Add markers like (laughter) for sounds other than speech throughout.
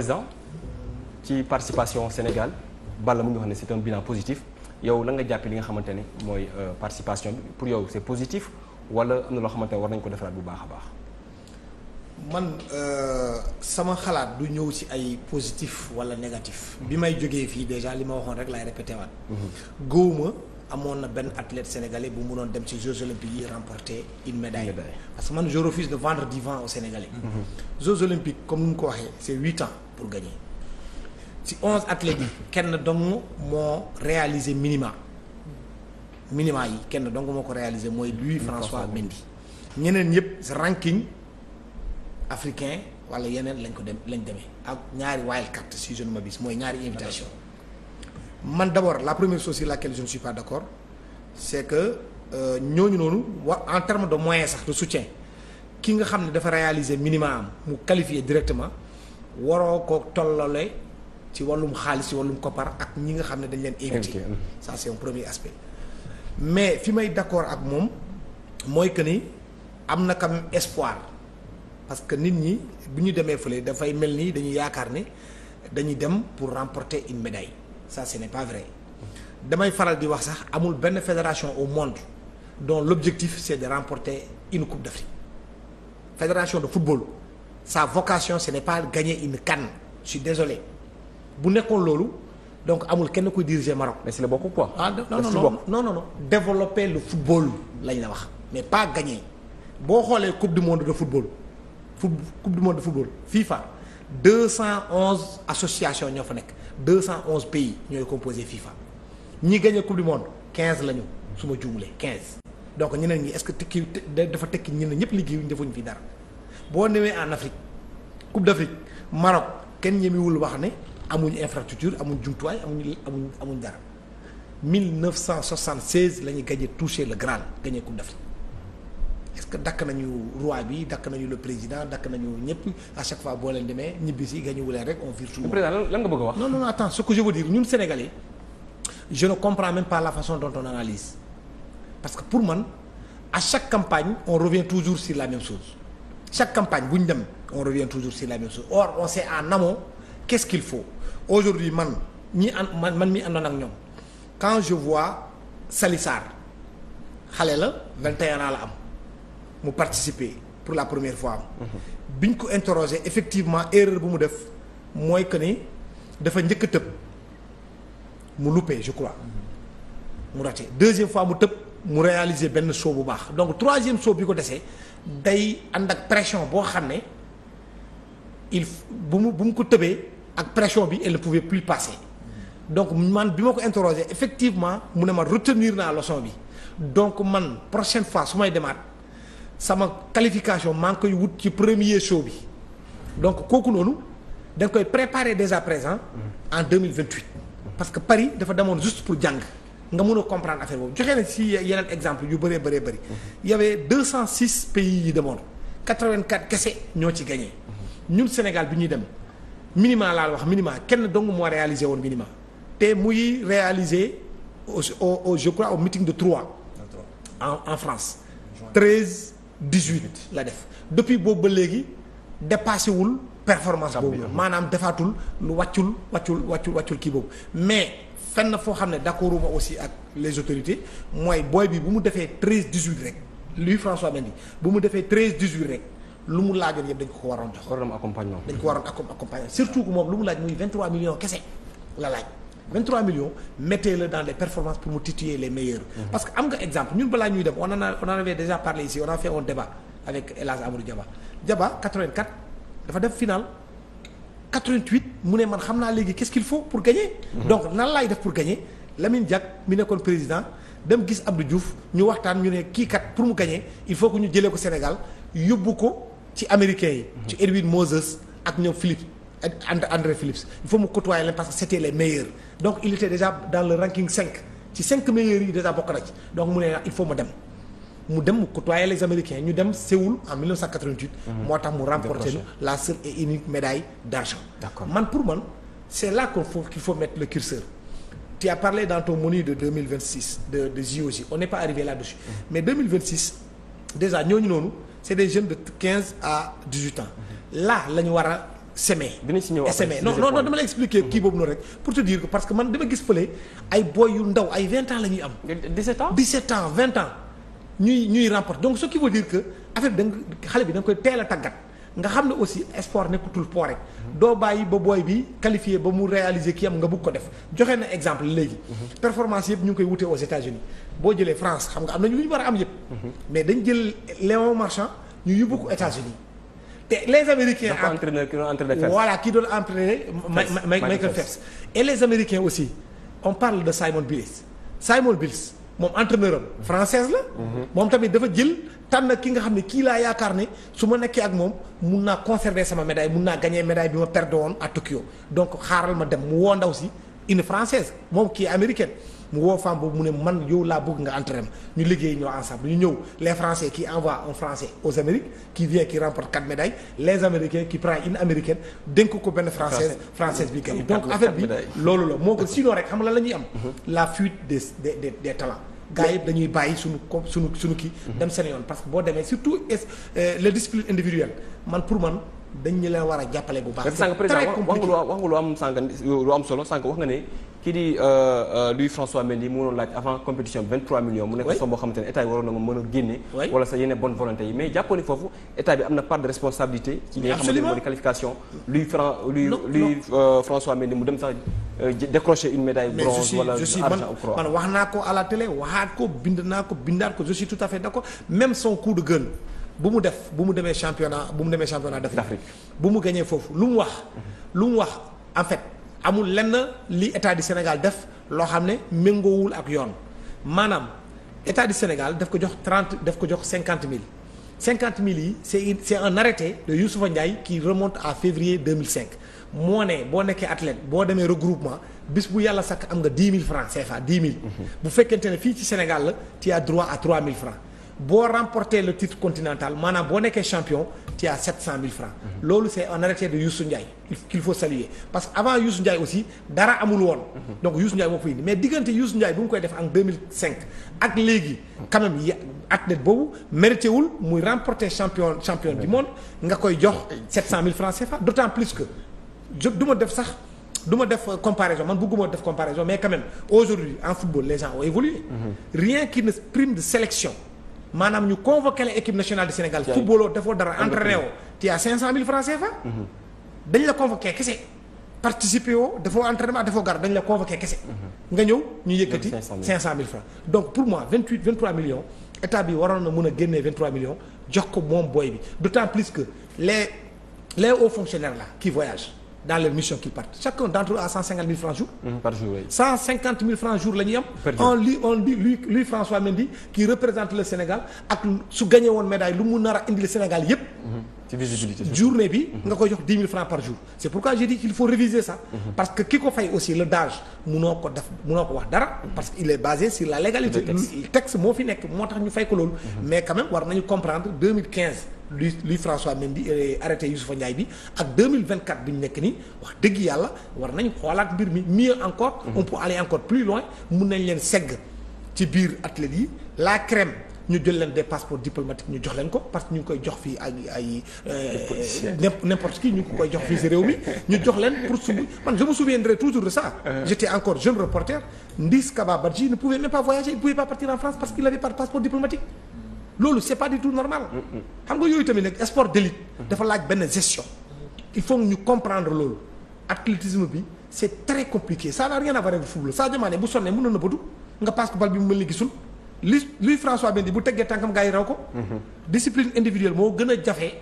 président ci participation Sénégal bala mu ngi wax ne c'est un bilan positif yow la nga jàppee li nga xamante ne mooy euh, participation bi pour yow c'est positif wala am na loo xamante war nañ ko defaraat bu baax a baax. man euh, sama xalaat du ñëw ci ay positif wala négatif. bi may jógee fii déjà li ma waxoon rek laay répété waat. Mm-hmm. amoon na benn athlète sénégalais mu mënoon dem ci Jeux olympiques yi remporter une médaille parce que man je refuse de vendre du vent Sénégalais mm-hmm. Jeux olympiques comme ni mu ko waxee c'est huit ans pour gagner ci onze athlètes yi kenn dong moo réaliser minima minima yi kenn dong moo ko réaliser mooy Louis François Mendy ñeneen ñëpp ranking africain wala yeneen lañ ko dem lañ demee ak ñaari wild card si je ne m'abuse mooy ñaari invitation man d'abord la première chose sur laquelle je ne suis pas d'accord c'est que euh, ñooñu noonu wa en terme de moyens sax de soutien ki nga xam ne dafa réaliser minima am mu qualifier directement waroo ko tollale ci wàllum xaalis ci wàllum koppar ak ñi nga xam ne dañu leen invité hmm. ça c'est un premier aspect mais fi may d'accord ak moom mooy que ni am na quand espoir parce que nit ñi bu ñu demee fële dafay mel ni dañuy yaakaar ni dañuy dem pour remporter une médaille ça ce n'est pas vrai damay faral di wax sax amul benn fédération au monde dont l'objectif c'est de remporter une coupe d'Afrique fédération de football sa vocation ce n'est pas gagner une CAN je suis désolé bu nekkoon loolu donc amul kenn kuy diriger Maroc. mais si la bokk quoi. ah non non non non non développer le football lañ la wax mais pas gagner boo xoolee coupe du monde de football coupe du monde de football FIFA 211 associations ñoo fa nekk. deux cent onze pays ñooy composé FIFA ñi gagné coupe du monde quinze lañu suma ma quinze. donc ñeneen ñi est-ce que tekki dafa tekki ñeneen ñëpp liggéeyuñ defuñ fi dara boo newee en Afrique coupe d'Afrique Maroc kenn ñemewul wax ne amuñ infrastructure amuñ jumtuwaay amuñ amuñ amuñ dara 1976 la ñu gagné touché le Graal gagné coupe d'Afrique. est-ce que dakk nañu roi bi dakk nañu le président dakk nañu ñëpp à chaque fois boo leen demee ñibbisi si gañu wuleen rek on vire tout. président nga bëgg a wax. non non attends ce que je veux dire ñun sénégalais je ne comprends même pas la façon dont on analyse parce que pour man à chaque campagne on revient toujours sur la même chose chaque campagne bu ñu dem on revient toujours sur la même chose or on sait en amont qu'est-ce qu'il faut aujourd'hui man ñi an man man mi àndoon ak ñoom quand je vois Sali xale la 21 ans la am. mu participer pour la première fois bi ñu ko interroger effectivement erreur bu mu def mooy que ni dafa njëkk a tëb mu loupé je crois mu raté deuxième fois mu tëb mu réaliser benn saut bu baax donc troisième saut bi ko desee day ànd ak pression boo xam ne il bu mu bu mu ko tëbee ak pression bi elle ne pouvait plus passer donc man bi ma ko interroger effectivement mu ne ma retenir naa leçon bi donc man prochaine fois su may demaat sama qualification maa ngi koy wut ci premier show bi donc kooku noonu da koy préparer dès à présent mm. en 2028 parce que Paris dafa demoon juste pour jàng nga mën a comprendre affaire boobu joxe na si yeneen exemple yu bëree bëree bëri mm-hmm. y avait 206 pays yi demoon 84 kese ñoo ci gagné mm-hmm. ñun Sénégal bi ñuy dem minima laal wax minima kenn dong moo réaliser woon minima te muy réalisé au je crois au meeting de trois en en France dix-huit la def depuis boobu ba léegi dépassé wul performance boobu maanaam defaatul lu wàccul wàccul wàccul wàccul kii boobu mais fenn foo xam ne d'accorduma aussi ak les autorités mooy booy bi bu mu defee treize dix-huit rek lui François Mendy bu mu defee treize dix-huit rek lu mu laajoon yëpp dañ ko ko waroon jox. waroon accompagnement dañ ko waroon accompagnement surtout que moom lu mu laaj muy vingt-trois millions kese la laaj. 23 millions mettez-le dans les performances pour mu titiller les meilleurs. Mhm. parce que am nga exemple ñun balaa ñuy dem on en a on en avait déjà parlé ici on a fait un débat avec El Hadj Amadou Diaba Diaba 84 dafa def final 88 mu ne man xam naa léegi qu'est-ce qu'il faut pour gagner. Mhm. donc nan laay def pour gagner Lamine Diack mi nekkoon président dem gis Abdou Diouf ñu waxtaan ñu ne kii kat pour mu gagner il faut que ñu jëlee ko Sénégal yóbbu ko ci américains yi. Mhm. ci Edwin Moses ak ñoom Philippe. André Phillips il faut mu côtoyer leen parce que c'était les meilleurs donc il était déjà dans le ranking cinq ci cinq meilleurs yi déjà bokk na ci donc mu ne il faut ma dem mu dem mu côtoyer les Américains ñu dem Séoul en mmh. moo tax mu remporter la seule et unique médaille d'argent. man pour man c'est là qu'il faut qu'il faut mettre le curseur. tu as parlé dans ton menu de de de JOJ on pas arrivé là-dessus. Mmh. mais déjà ñooñu noonu c'est des jeunes de 15 semé dinañ e. si ñëw semé non non dama la expliquer kii boobu noonu rek pour te dire que parce que man dama gis fële ay boy yu ndaw ay 20 ans la am. 17 ans ans 20 ans ñuy ñuy remporter donc ce qui veut dire que bi da nga xale bi koy teel a tàggat nga xam ne aussi sport nekkutul po rek. doo bàyyi ba booy bi qualifié ba mu réaliser ki am nga bugg ko def joxe na exemple léegi. performance yëpp ñu koy wutee aux États-Unis boo jëlee France xam nga am nañu lu ñu war a am yëpp. Mhm. mais dañ jël Léon te les américains. dafa entraîneur ki doon entraîner Phelps. voilà ki doon entraîner. Michael Phelps et les américains aussi on parle de Simon Biles Simon Biles moom entraîneur am la. Mhm. moom tamit dafa jël tànn ki nga xam ne kii laa yaakaar ni su ma nekkee ak moom mun naa conserver sama médaille mun naa gagner médaille bi ma perdre woon à Tokyo donc xaaral ma dem mu woo ndaw si une francaise moom kii américaine. mu woo femme boobu mu ne man yow laa bëgg nga entraîné ñu liggéey ñoo ensemble ñu ñëw les français qui envoie un français aux Amériques qui vient qui américaine dénk ko benn française française bi gagné donc affaire bi loolu la moo ko sinon rek xam la la ñuy am mhm. la fuite des des des dañuy bàyyi suñu ko suñu suñu kii mhm. dem seen yoon parce que boo demee surtout euh, les disciplines individuelles man pour man dañ ñu la war a jàppale bu baax. sànq président wax nga wax nga lu am sànq lu am solo sànq wax nga ne kii di euh, euh, Louis François Mendy mu noonu laaj avant compétition bi 23 nekk somme xamante ne état yi waroon na mën a génne. wala sa yeneen bonne volonté yi mais jàppoon foofu état bi am na part de responsabilité. ci li nga xamante ne moo di qualification. Louis Fran Louis euh, François Mendy mu dem sax décrocher une médaille bronze. wala argent ou croix man wax naa ko à la télé waxaat ko bind naa ko bindaat ko je suis tout à fait bu mu def bu mu demee championnat bu mu demee def d'Afrique bu mu gañee foofu lu mu wax lu mu wax en fait amul lenn li état du Sénégal def loo xam ne méngoowul ak yoon maanaam état du Sénégal daf ko jox trente daf ko jox cinquante mille cinquante mille yi c'est c'est un arrêté de Youssoufa Ndiaye qui remonte à février 2005 moo ne boo nekkee athlète boo demee regroupement bis bu yàlla sakk am nga dix mille francs CFA dix mille mhm. bu fekkente ne fii ci Sénégal la tu as droit à boo remporté le titre continental maanaam boo nekkee champion tu as 700000 francs loolu c'est un arrêté de Youssou Ndiaye qu'il faut saluer parce que avant Youssou Ndiaye aussi dara amul woon donc Youssou Ndiaye moo ko indi mais diggante Youssou Ndiaye bu mu koy def en 2005 ak léegi quand même athlète boobu mérité wul muy remporter champion champion du monde nga koy jox 700000 francs CFA d'autant plus que du ma def sax du ma def comparaison man bëgguma def comparaison mais quand même aujourd'hui en football les gens ont de sélection maanaam ñu convoqué la équipe nationale du Sénégal. jaay footballoo dafoo dara entraîné woo. tu as 500000 francs CFA. Mhm. dañ la convoqué kese. participer woo dafoo entraînement dafoo gar dañ la convoqué kese. Mhm. nga ñëw ñu yëkkati 500000 francs donc pour moi 28 23 millions état bi waroon na mën a génnee 23 millions jox ko moom booy bi d' autant plus que les les hauts fonctionnaires là qui voyagent. dans les missions qui partent chacun d'entre eux a 150 000 francs jour. Mmh, par jour oui. am. on lui François Mendy qui représente le Sénégal ak su gagné woon médaille lu mu nar a indi le Sénégal yépp mhm. journée bi mhm. nga koy jox 10 000 par jour. c' est pourquoi j'ai dit faut réviser ça. Mhm. parce que ki ko fay aussi le DAGE munoo ko def munoo ko wax dara. parce que il est basé sur la légalité. le moo fi nekk moo tax ñu fay ko loolu. mais quand même war nañu comprendre luy luy François Mendy di euh, arrêté Youssoufa Ndiaye bi ak 2024 bi ñu nekk nii wax dëgg yàlla war nañ xoolaat mbir mi mieux encore mhm. on peut aller encore plus loin mun nañ leen segg ci biir athlètes yi la crème ñu jël leen des passeports diplomatiques ñu jox leen ko parce que ñu ngi koy jox fii ay ay euh, n'importe qui ñu koy jox fii si réew mi ñu jox leen pour suñu man je me souviendrai toujours de ça euh. j'étais encore jeune reporter Ndis Kaba Badji loolu c'est pas du tout normal. Mm, mm. xam nga yooyu tamit nag sport d'élite dafa laaj benn gestion. il faut ñu comprendre loolu. athlétisme bi c'est très compliqué ça n'a rien à voir foofu football Sadio Mané bu sonnee mënoon na bëtu nga passe ko bal bi mu mel ni gisul li luy François Mendy bu teggee tànkam gars yi raw ko. Mm-hmm. discipline individuelle moo gën a jafe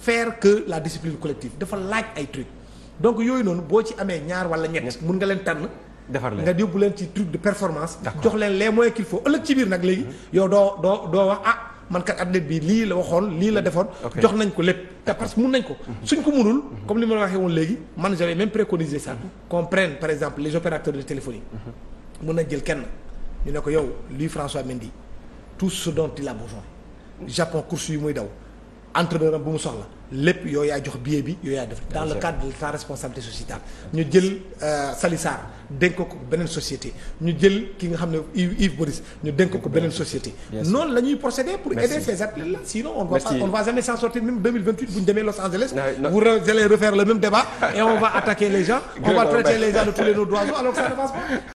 faire que la discipline collective dafa laaj ay trucs donc yooyu noonu boo ci amee ñaar wala ñett mun nga leen tànn. defar leen nga yóbbu leen ci truc de performance. jox leen les moyens qu'il faut ëllëg ci biir nag léegi. Mhm. yow doo doo doo wax ah man kat athlète bi lii la waxoon lii la mhm. defoon. jox nañ ko lépp te parce que mun nañ ko. Mhm. suñ ko munul comme li ma la waxee woon léegi man j'avais même préconisé ça. qu'on prenne par exemple les opérateurs de téléphonie. mun nañ jël kenn ñu ne ko yow Louis François Mendy tout ce dont il a besoin. Japon course yu muy daw entraîneur am bu mu soxla. lépp yow yaa jox billet bi yow yaa def dans le cadre de sa sociétale ñu jël euh, Sali Sarr ko beneen société ñu jël ki nga xam ne Yves Boris ñu dénk ko beneen société noonu la ñuy pour aider ces athlètes là sinon on va on va sortir même bu ñu demee Los Angeles vous allez refaire même débat et on va (laughs) attaquer les gens on va traiter les gens de tous les noms d'oiseaux alors que ça ne